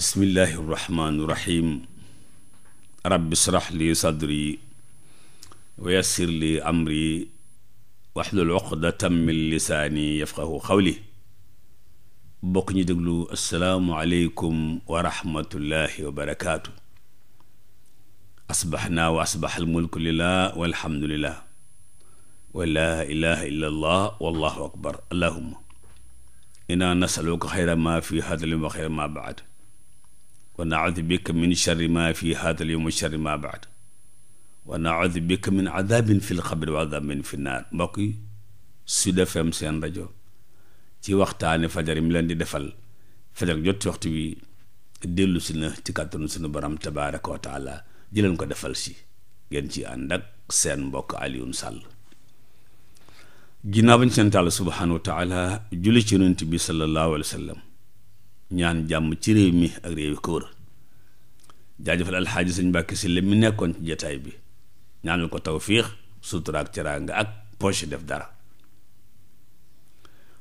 bismillahi irrahmaani irrahim rabbi shrah li sadri wa yassir li amri waxlul uqdatan min lisaani yafqahu xawli bokk ñu déglu asalaamualeykum wa rahmatullahi wa barakaatu asbaxnaa wa asbaxal mulku lillah walhamdulillah wa laa ilaha illa allah wallahu akbar allahuma inna nasaluka xayra ma fi hadal wa xayra ma baad wa naudu bika min sharri ma fi haadal yowm sharri ma baad wa naudu bika min adabin fi lxabri wa adabin fi naar mbokk yi Sud FM seen rajo ci waxtaane fajar yi mu leen di defal fajar jot waxtu wi dellu si na ci kàttanu sunu borom tabaaraka wa taala ji leen ko defal si ngeen ci ànd ak seen mbokk Alioune Sall ginnaaw bañ seen tàll subhaanahu wa taala julli ci yonent bi sallallahu alayhi wa ñaan jàmm ci réew mi ak réew yi ko wër jaajëfal alxaaji sëñ Mbàkke Sylla mu nekkoon ci jataay bi ñaanal ko tawfiix sutura ak teraanga ak poche def dara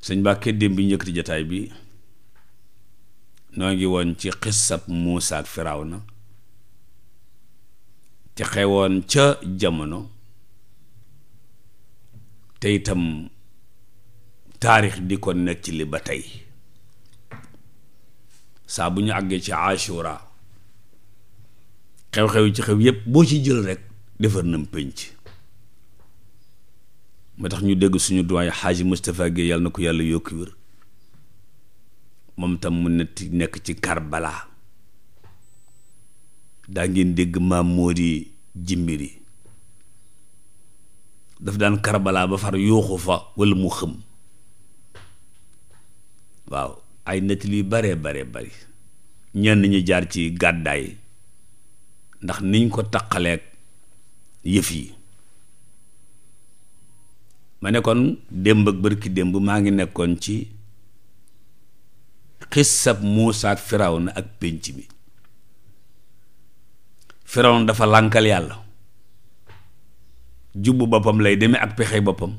sëñ Mbàkke démb bi njëkkati jataay bi noo ngi woon ci xissab Muusa ak na ci xewoon ca jamono te itam taarix di ko nekk ci li ba tey saa bu ñu àggee ci ashura xew-xew yi ci xew yépp boo ci jël rek defar nam pénc moo tax ñu dégg suñu doyen xaaji Moustapha Guèye yàlla na ko yàlla yokki wér moom tam mu netti nekk ci Karbala daa ngeen dégg maam Mody Jimbiri daf daan karbalaa ba far yuuxu fa wala mu xëm waaw ay nettali yu bare bare bari ñenn ñi jaar ci gàddaay ndax niñ ko taqaleeg yëf yi ma nekkoon kon démb ak bërki démb maa ngi nekkoon ci xis xissab muusaak ak na ak pénc mi Firawna dafa lànkal yàlla jubbu boppam lay deme ak pexe boppam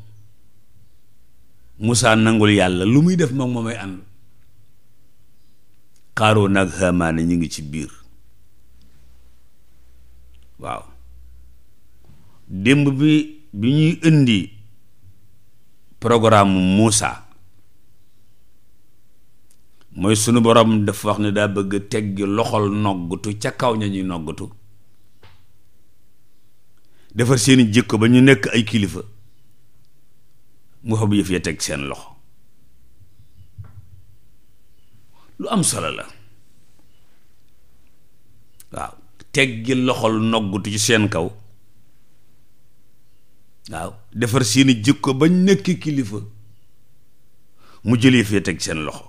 Muusaa nangul yàlla lu muy def moom moomay ànd Xaaruun ak Haamaana ñu ngi ci biir waaw démb bi bi ñuy indi programme muusa mooy sunu boroom dafa wax ne daa bëgg teggi loxol noggatu ca kaw ña ñuy noggatu defar seeni jikko ba ñu nekk ay kilifa mu fa bu yëf ya teg seen loxo lu am solo la waaw teg teggi loxol noggutu ci seen kaw waaw defar seeni ko ba nekk kilifa mu jëlee fee teg seen loxo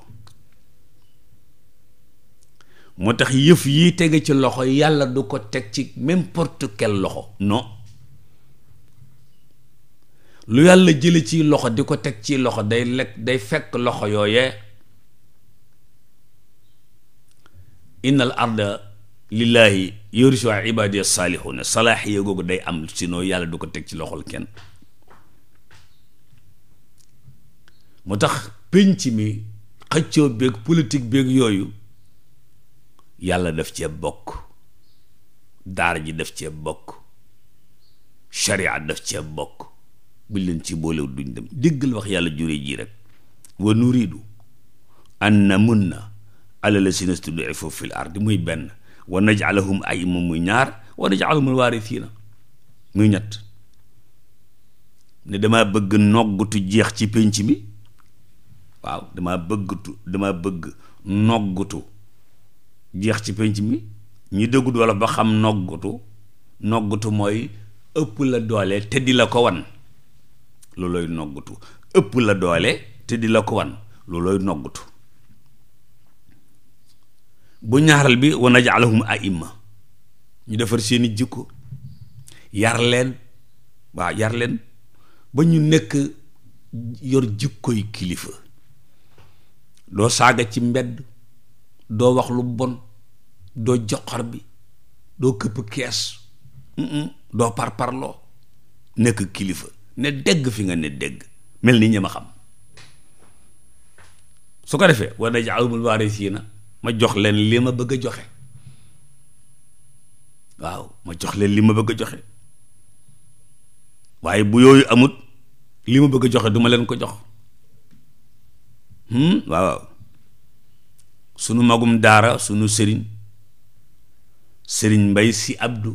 moo tax yëf yi tege ci loxo yàlla du ko teg ci n'importe quel loxo non lu yàlla jële ci loxo di ko teg ci loxo day lekk day fekk loxo yooyee innal arda lillaahi yorisu ibaadiya saalihuna salaaxiya googu day am sinon yàlla du ko teg ci loxol kenn moo tax penc mi xëccoo beeg politique beeg yooyu yàlla def ceeb bokk daara ji def ceeb bokk sharia def ceeb bokk buñ leen ci boolew duñ dem déggal wax yàlla jure ji rek wa nuridu an namunna ala lasina studifu fil ardi muy benn wa naj'alahum a'imma muy ñaar wa naj'alahumul waarisiina muy ñett ne dama bëgg noggutu jeex ci pénc mi waaw dama bëgg noggutu jeex ci pénc mi ñi dëggut wala ba xam noggutu noggutu mooy ëpp la doole te di la ko wan loolooy noggutu ëpp la doole te di la ko wan loolooy noggutu bu ñaaral bi wa naj'alahum a'imma ñu defar seeni jikko yar leen waaw yar leen ba ñu nekk yor jikkoy kilifa doo saaga ci mbedd doo wax lu bon doo joxor bi doo këpp kees doo parparloo nekk kilifa ne dégg fi nga ne dégg mel ni ñi xam su ko defee wa naj'alahumul waarisiina ma jox leen li ma bëgg a joxe waaw ma jox leen li ma bëgg a joxe waaye bu yooyu amut li ma bëgg a joxe duma leen ko jox hmm? waaw sunu magum daara sunu sëriñ sëriñ mbay si abdu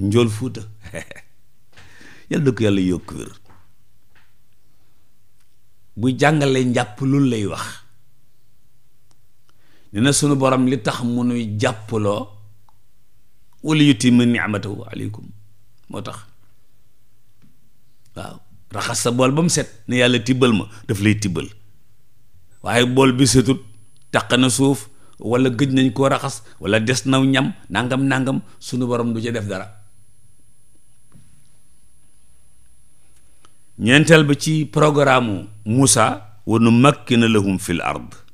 njool fuuta yàlla da yàlla yokk wér bu jàngale njàpp lu lay wax nee na sunu borom li tax mu nuy jàppaloo wala yutimma ni'matahu aleykum moo tax waaw raxas sa bool ba mu set ne yàlla tibbal ma daf lay tibbal waaye bool bi setut taq na suuf wala gëj nañ koo raxas wala des naw ñam nangam nangam sunu borom du ca def dara ñeenteel bi ci programme Moussa wa nu makkina lahum fil ard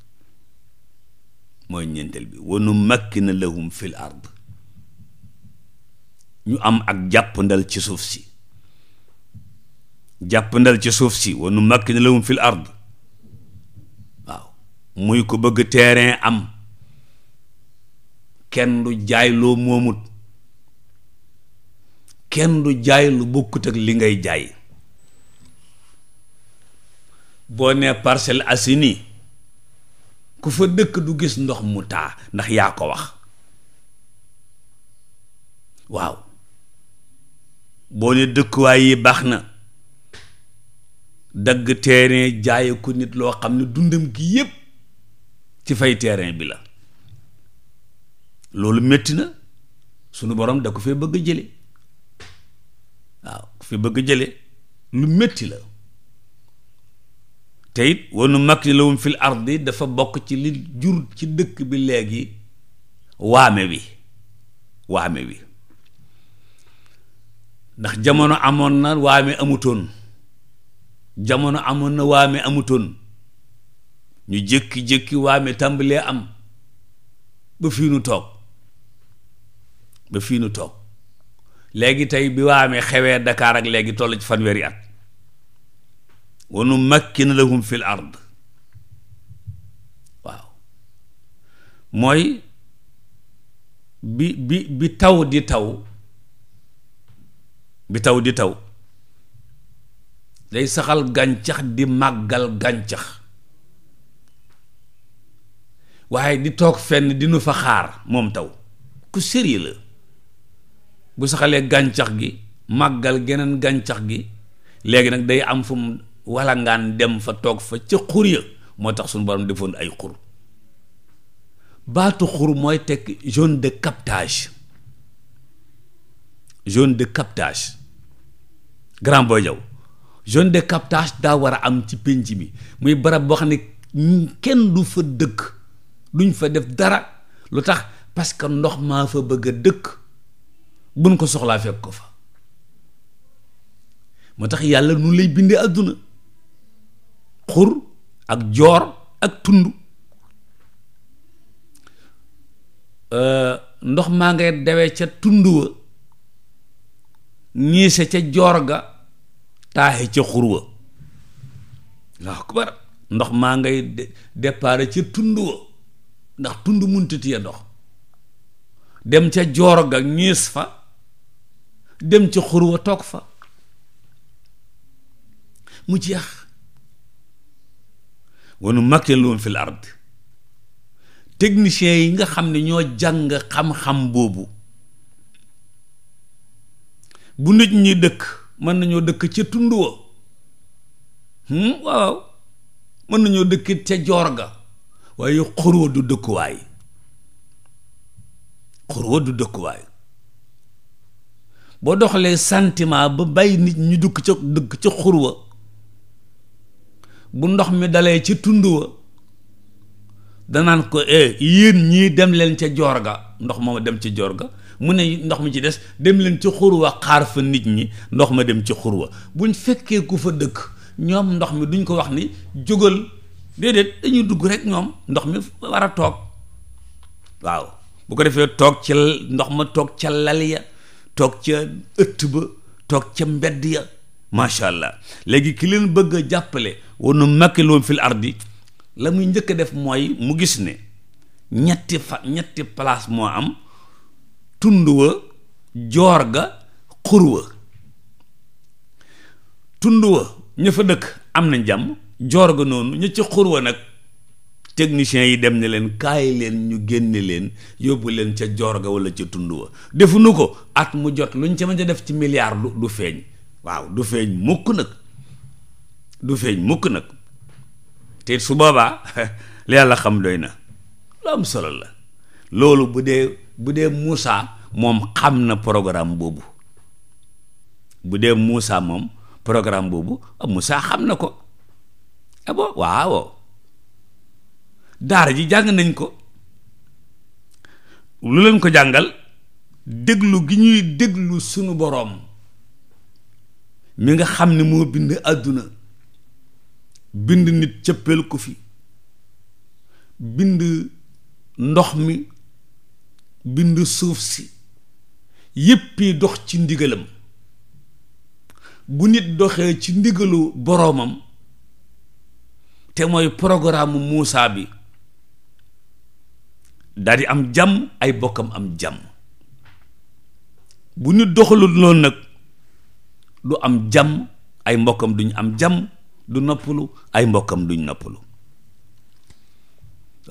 mooy ñeenteel bi wa numakkina lahum fil ard ñu am ak jàppandal ci suuf si jàppandal ci suuf si wa numakkina lahum fil ard waaw muy ko bëgg terrain am kenn du jaay loo moomut kenn du jaay lu bokkut ak li ngay jaay boo nee parcel Assainies ku fa dëkk du gis ndox mu taa ndax yaa ko wax waaw boo ne dëkkuwaay yi baax na dagg terrain jaaye ko nit loo xam ne dundam gi yépp ci fay terrain bi la loolu métti na sunu borom da ko fee bëgg jële waaw ku fee bëgg jële lu metti la te it wanu makk ni lahum fil ardi dafa bokk ci li jur ci dëkk bi léegi waame wi waame wi ndax jamono amoon na waame amutoon jamono amoon na waame amutoon ñu jékki-jékki waame tàmbalee am ba fii nu toog ba fii nu toog léegi tey bi waame xewee Dakar ak léegi toll ci fanweeri at wonu wa numakkina lahum fil ard waaw mooy bi bi bi taw di taw bi taw di taw day saxal gàncax di màggal gàncax waaye di toog fenn di nu fa xaar moom taw ku sérieux la bu saxalee gàncax gi màggal geneen gàncax gi léegi nag day am fu wala ngaan dem fa toog fa ca xur ya moo tax suñu borom defoon ay xur baatu xur mooy tekk zone de captage zone de captage grand boy jaw zone de captage daa war a am ci pénc bi muy barab boo xam ne kenn du fa dëkk duñ fa def dara lu tax parce que ndox maa fa bëgg a dëkk buñ ko soxlaa fekk ko fa moo tax yàlla nun lay bindee àdduna xur ak joor ak tund euh, ndox maa ngay dawee ca tund wa ñiise ca joor ga taaxe ca xur wa waaw kubar ndox maa ngay dépare ca tund wa ndax tund muntati ya ndox dem ca joor ga ñiis fa dem ca xur wa toog fa mu jeex wa numakkinu lahum fil ard techniciens yi nga xam ne ñoo jàng xam-xam boobu bu nit ñi dëkk mën nañoo dëkk ca tund wa hmm, waaw mën nañoo dëkk ca joor ga waaye xur wa du dëkkuwaay xur du dëkkuwaay boo doxalee santiment ba bàyyi nit ñu dëkk ca dëkk ca xur bu ndox mi dalee ci tund wa danaan ko eh yéen ñii dem leen ca joor ga ndox ma dem ca joor ga mu ne ndox mi ci des dem leen ci xur wa xaar fa nit ñi ndox ma dem ca xur wa buñ fekkee ku fa dëkk ñoom ndox mi duñ ko wax ni jógal déedéet dañuy dugg rek ñoom ndox mi war a toog waaw bu ko defee toog ca ndox ma toog ca lal ya toog ca ëtt ba toog ca mbedd ya macha allah léegi ki leen bëgg a jàppale wa nu makkiloom fil ardi la muy njëkk a def mooy mu gis ne ñetti fa ñetti place moo am tund wa joor ga xur wa tund dëkk am na jàmm joor ga noonu ña ci xur wa nag techniciens yi dem ne leen kaay leen ñu génne leen yóbbu leen ca joor ga wala ca tund wa defuñu ko at mu jot luñ ca mën a def ci milliard du feeñ waaw du feeñ mukk nag du feeñ mukk nag te su boobaa li yàlla xam doy na lu am solo la loolu bu dee bu dee Moussa moom xam na programme boobu bu dee Moussa moom programme boobu ah, Moussa xam na ko abo ah waaw daara ji jàng nañ ko lu leen ko jàngal déglu gi ñuy déglu sunu boroom mi nga xam ni moo bind àdduna bind nit cëppeel ko fi bind ndox mi bind suuf si yéppi dox ci ndigalam bu nit doxee ci ndigalu boroomam te mooy programme Muusaa bi daal am jàmm ay mbokkam am jàmm bu nit doxalul loolu nag du am jàmm ay mbokkam duñ am jàmm du noppalu ay mbokkam duñ noppalu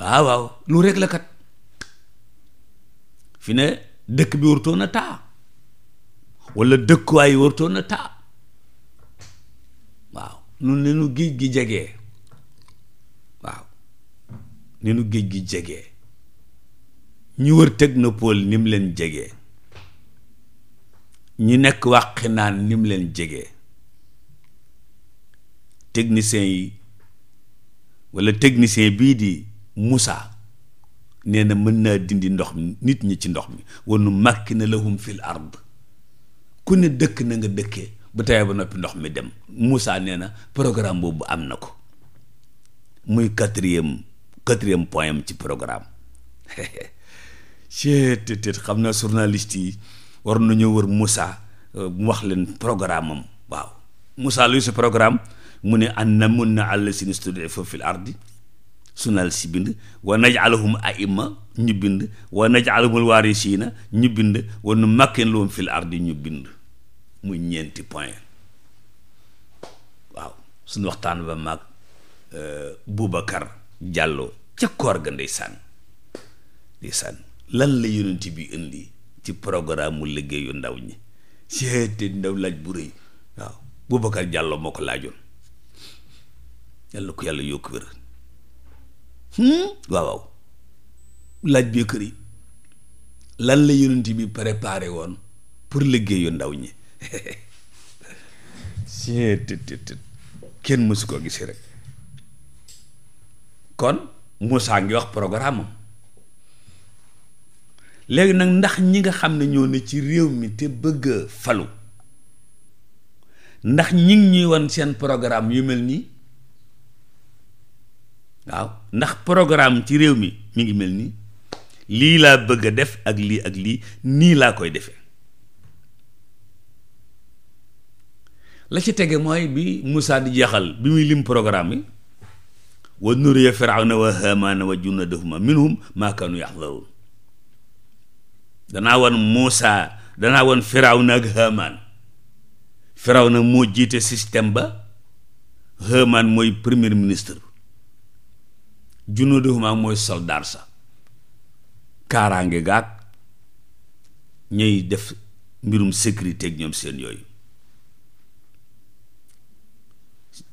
waaw waaw lu rek la kat fi ne dëkk bi wartoon na taa wala dëkkuwaay yi wartoon na taa waaw nun ne nu géej gi jege waaw ne nu géej gi jegee ñi wër technopole ni mu leen jege ñi nekk wàqi naan ni mu leen jege technicien yi walla technicien bii di Moussa nee mën naa dindi ndox mi nit ñi ci ndox mi wanu màkki na lahum fil ard ku ne dëkk na nga dëkke bu tawee ba noppi ndox mi dem Moussa nee na programme boobu am na ko muy quatrième quatrième point ci programme cettet xam naa journaliste yi war nañoo war Moussa euh, mu wax leen programme am waaw Moussa luy sa programme mu ne an mën na àll si nistudifa fil ardi sunal si bind wa najalahum aima ñu bind wa najalahumul waarisiina ñu bind wa nu makkin lahum fil ardi ñu bind mu ñeenti point waaw suñu waxtaan ba mag euh, bubakar Diallo ca koor ga ndeysaan ndeysaan lan la yonent bi indi ci programme mu liggéeyu ndaw ñi seete ndaw laaj bu rëy waaw Boubacar Diallo moo ko laajoon yàlla ko yàlla yokk wér hmm? waaw waaw laaj bi kër yi lan la yonent bi préparé woon pour liggéeyu ndaw ñi tt kenn mësu koo gisi rek kon Moussa ngi wax programme léegi nag ndax ñi nga xam ne ñoo ne ci réew mi te bëgg falu ndax ñi ñuy won seen programme yu mel nii waaw ndax programme ci réew mi mi ngi mel nii lii laa bëgg a def ak lii ak lii nii laa koy defee la ci tege mooy bi Moussa di jeexal bi muy lim programme yi wa nuriya firawna wa haamaana wa junnadahuma minhum maa kaanu yaxdaruun danaa wan Moussa danaa wan firawna ak haamaan na moo jiite système ba haamaan mooy premier ministre junuduhuma mooy soldaar sa kaaraange gaag ñuy def mbirum sécurité ak ñoom seen yooyu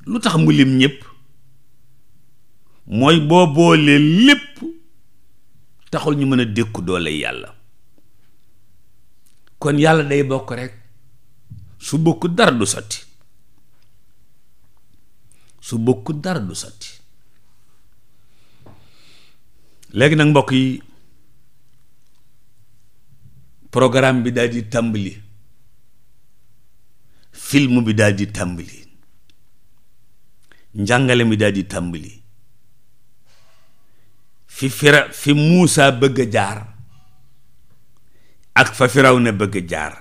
lu tax mu lim ñëpp mooy boo boolee lépp taxul ñu mën a dékku doole yàlla kon yàlla day bokk rek su bokk dara du sotti su bokk dara du sotti léegi nag mbokk yi programme bi daal tambali tàmbali film bi daal tambali tàmbali njàngale mi daal di fi fira fi Muusa bëgg jaar ak fa firaw na bëgg a jaar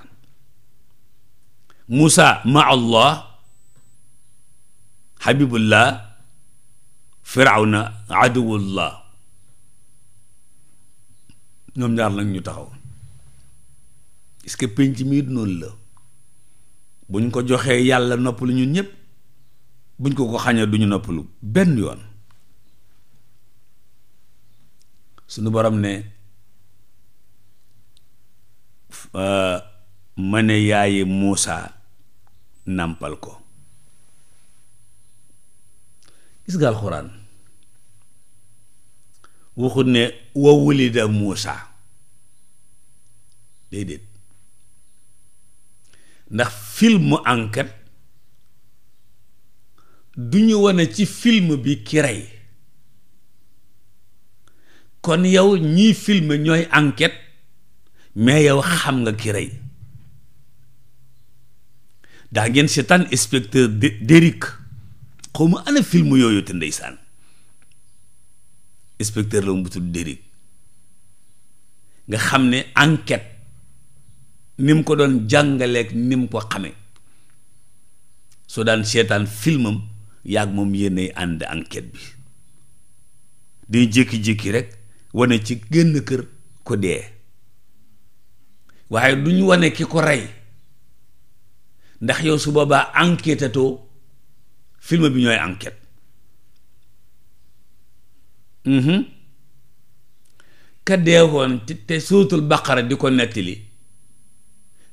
Muusa ma Allah habibullah firawna aduwullah ñoom ñaar nag ñu taxaw est-ce que penc mii noonu la bu ñu ko joxee yàlla noppalu ñun ñëpp bu ñu ko ko xañee du ñu noppalu benn yoon sunu borom ne euh, ma ne yaayi Muusa nàmpal ko gis nga alxuraan waxut ne wa wulida Muusa déedéet ndax film enquête du ñu wane ci film bi ki rey kon yow ñii film ñooy enquête mais yow xam nga ki rey daa ngeen seetaan inspecteur Derrick xaw ma ana film yooyu te ndeysaan inspecteur la mu tudd Derrick nga xam ne enquete ni ko doon jàngaleek ni ko xame soo daan seetaan filmam yàgg moom yéenay ànd enquête bi di jékki-jékki rek wane ci génn kër ko dee waaye duñ wane ki ko rey ndax yow su boobaa enquête atoo bi ñooy enquête Mm-hmm. ka dee woon te suutul baqara di ko nettali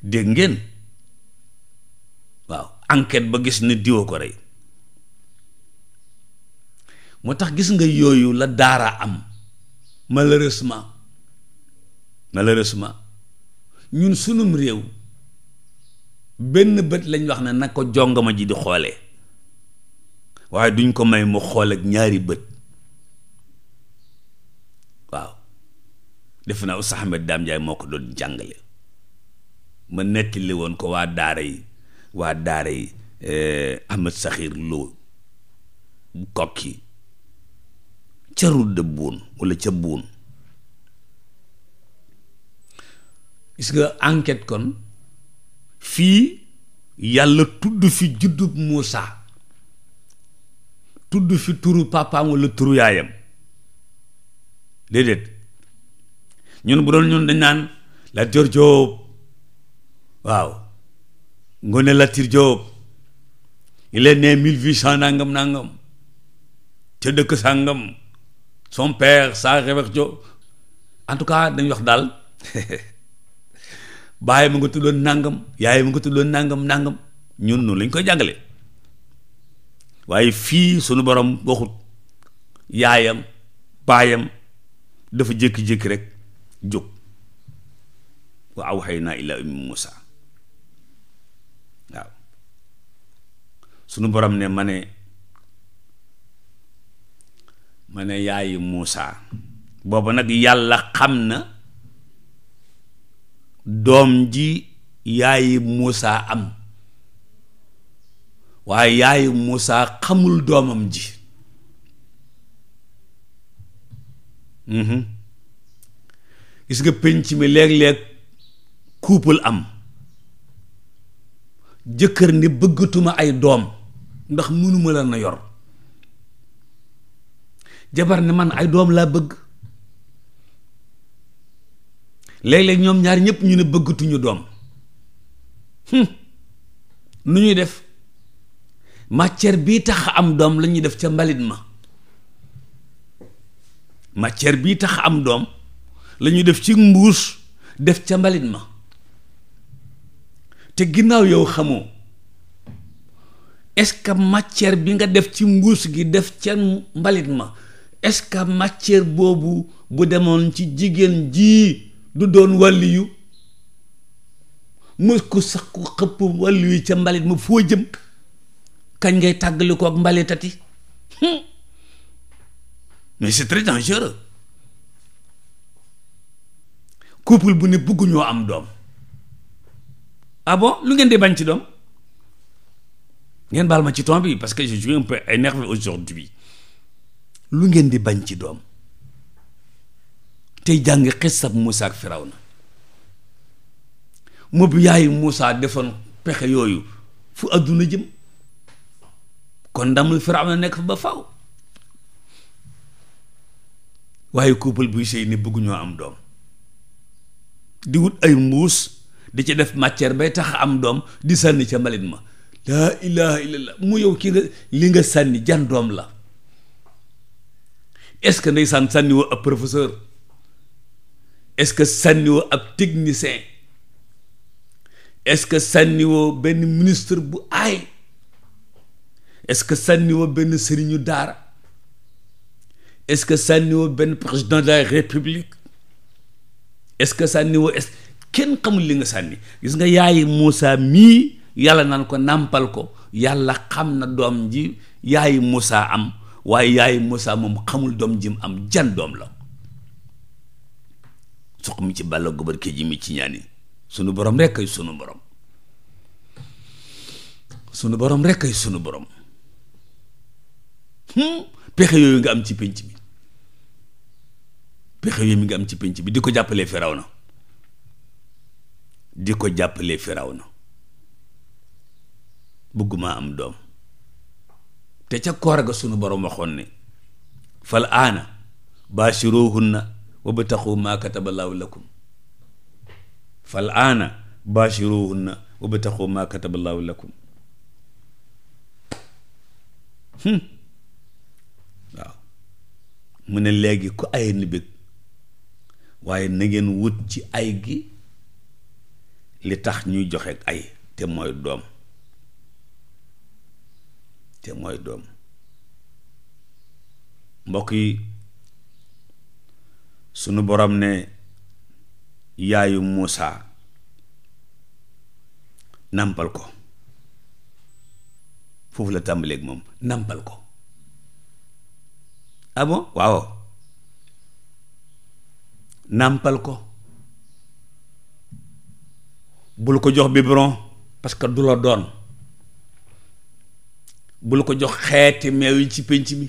dégg ngeen waaw enquête ba gis ni diwa ko rey moo tax gis nga yooyu la daara am malheureusement malheureusement ñun sunum réew benn bët lañ wax ne nag ko jongama ji di xoolee waaye duñ ko may mu xool ñaari bët waaw defe naa Oustaz Ahmed Dame Ndiaye moo ko doon jàngale ma nettali woon ko waa daara yi waa daara yi eh, Ahmed Sakhir Lo kokki ca rudd buun walla ca buun gis nga enquête kon fii yàlla tudd fi juddub Moussa tudd fi turu papaam walla turu yaayam déedéet ñun bu doon ñun dañ naan Lat Joor Jóob waaw Ngoone Latir Jóob il est né mille huit cent nangam nangam ca dëkk sàngam son père sa rewex jo en tout cas dañ wax daal baay mu nga tuddoon nangam yaay mu nga tuddoon nangam nangam ñun noonu lañ koy jàngale waaye fii sunu borom waxut yaayam baayam dafa jékki-jékki rek jóg wa awhaynaa ilaa ummi Muusaa waaw sunu borom ne ma ne ma ne yaayi Muusaa booba nag yàlla xam na doom ji yaayi Muusaa am waaye yaayi Muusaa xamul doomam ji Mhm. gis nga pénc mi léeg-léeg couple am jëkkër ni bëggatuma ay doom ndax mënuma la na yor jabar ne man ay doom laa bëgg léeg-léeg ñoom ñaar ñëpp ñu ne bëggatuñu doom hmm. nu ñuy def matière bii tax am doom la ñuy def ca mbalit ma matière bii tax am doom lañu def ci mbuus def ca mbalit ma te ginnaaw yow xamoo est-ce bi nga def ci mbuus gi def ca mbalit ma eska ce boobu bu demoon ci jigéen jii du doon wàlli yu mu ku sax ku xëpp wàlli ca mbalit ma foo jëm kañ ngay tàggali ko ak mbalitati mais c'est très dangereux couple bu ne bëgguñoo am doom ah bon lu ngeen di bañ ci doom ngeen baal ma ci ton bi parce que je suis un peu énervé aujourd'hui lu ngeen di bañ ci doom te jàng xisab Moussa ak Firawna moom yaayu Moussa defoon pexe yooyu fu àdduna jëm kon ndamul Firawna nekk fa ba faw waaye couple buy sëy ni bëgguñoo am doom di wut ay mbuus di ci def matière bay tax am doom di sànni ca malit ma laa ilaha illallah mu yow ki nga li nga sànni jan doom la est-ce que ndeysaan sànni woo ab professeur est-ce que sànni woo ab technicien est-ce que sànni benn ministre bu aay est-ce que sànni woo benn sëriñu daara est-ce que sànniwoo benn président de la république est-ce que sànniwoo kenn xamul li nga sànni gis nga yaay Moussa mii yàlla naan ko nàmpal ko yàlla xam na doom ji yaayi Moussa am waaye yaay Moussa moom xamul doom ji mu am jan doom la suq mi ci bàlla gobar ki ji mi ci ñaani sunu borom rekk ay sunu borom sunu borom rekk sunu borom hmm? pexe yooyu nga am ci pénc bi pexe yooyu mi ngi am ci pénc bi di ko jàppalee na di ko jàppalee Firawna bëgguma am doom te ca koor ga sunu borom waxoon ne fal aana baashiruhunna wabtaxu maa kataballaahu lakum aana baashiruhunna wabtaxu maa kataballaahu lakum hmm. waaw mu ne léegi ku ay ni waaye na wut ci ay gi li tax ñuy joxe ay te mooy doom te mooy doom mbokk yi sunu borom ne yaayu Muusa nàmpal ko foofu la tàmbaleeg moom nàmpal ko ah bon waaw nàmpal ko bul ko jox biberon parce que du la doon bul ko jox xeeti meew yi ci pénc mi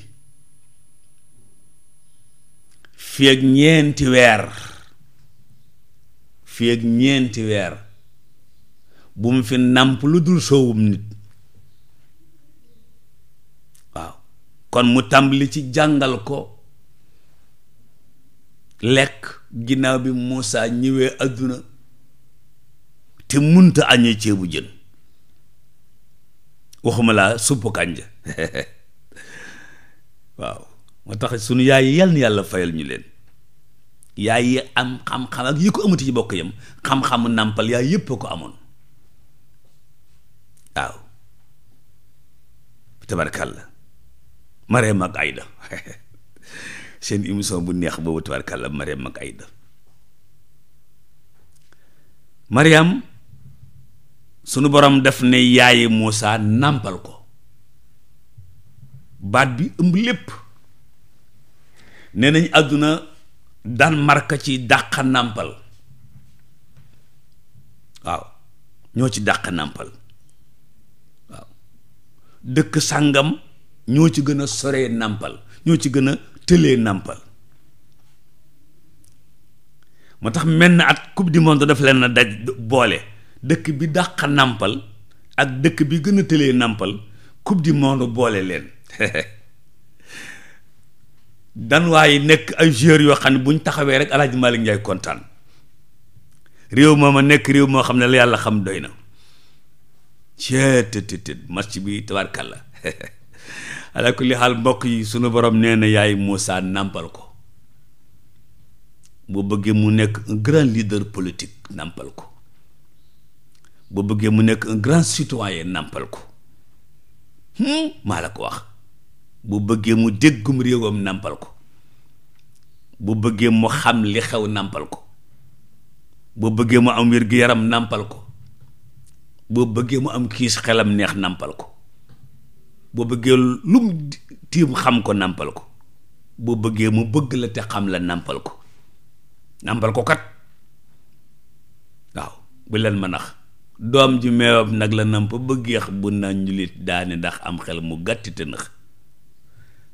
fii ak ñeenti weer fii ak ñeenti weer bu mu fi nàmp lu dul soowum nit waaw kon mu tàmbali ci jàngal ko lekk ginnaaw bi Moussa ñëwee àdduna te munta añee ceebu jën waxuma laa supp kànja waaw moo tax sunu yaay yi yal na yàlla fayal ñu leen yaay yi am xam-xam ak yi ko amati ci bokk yam xam-xamu nàmpal yaay yépp ko amoon waaw tabarkàlla mareem ak ayda seen émission bu neex boobu tabarkàlla Mariam ak Aïda Mariam sunu borom def ne yaaye Moussa nàmpal ko baat bi ëmb lépp nee nañ àdduna daan marka ci dàq nàmpal waaw ñoo ci dàq nàmpal waaw dëkk sàngam ñoo ci gën a sore nàmpal ñoo ci gën a tëlee nàmpal moo tax menn at coupe du monde daf leen na daj boole dëkk bi dàq nàmpal ak dëkk bi gën a tëlee nàmpal coupe du monde boole leen dan yi nekk ay joueurs yoo xam ne buñ taxawee rek Alaaji Malick Ndiaye kontaan réew moo ma nekk réew moo xam ne la yàlla xam doy na ceet tëdd match bi tabarkalla ala li xaal mbokk yi sunu borom nee na yaay Moussa nàmpal ko boo bëggee mu nekk un grand leader politique ko boo bëggee mu nekk un grand citoyen nàmpal ko hmm, maa la ko wax boo bëggee mu déggum réewam nàmpal ko bu bëggee mu xam li xew nàmpal ko boo bëggee mu am wér-gu-yaram nàmpal ko boo bëggee mu am kiis xelam neex nàmpal ko boo bëggee lu mu tiim xam ko nàmpal ko boo bëggee mu bëgg la te xam la nàmpal ko nàmpal ko kat waaw bu leen ma nax doom ji meewam nag la namp ba géex bu nanjulit daane ndax am xel mu gàtti te nëx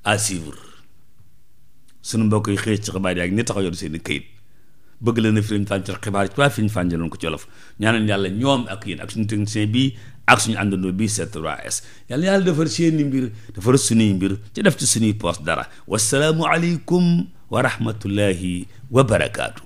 à suivre sunu mbokk yi xëy ci xibaar yi ak ñi tax a yor seen i këyit bëgg leen na firiñ fàncal xibaar yi ci waa fi ñu fànjaloon ko ci wolof ñaanal yàlla ñoom ak yéen ak suñu technicien bii ak suñu àndandoo bii C3S yàlla yàlla defar seeni mbir defar suñuy mbir ci def ci suñuy poos dara wasalaamu aleykum wa rahmatullahi wa barakaatu.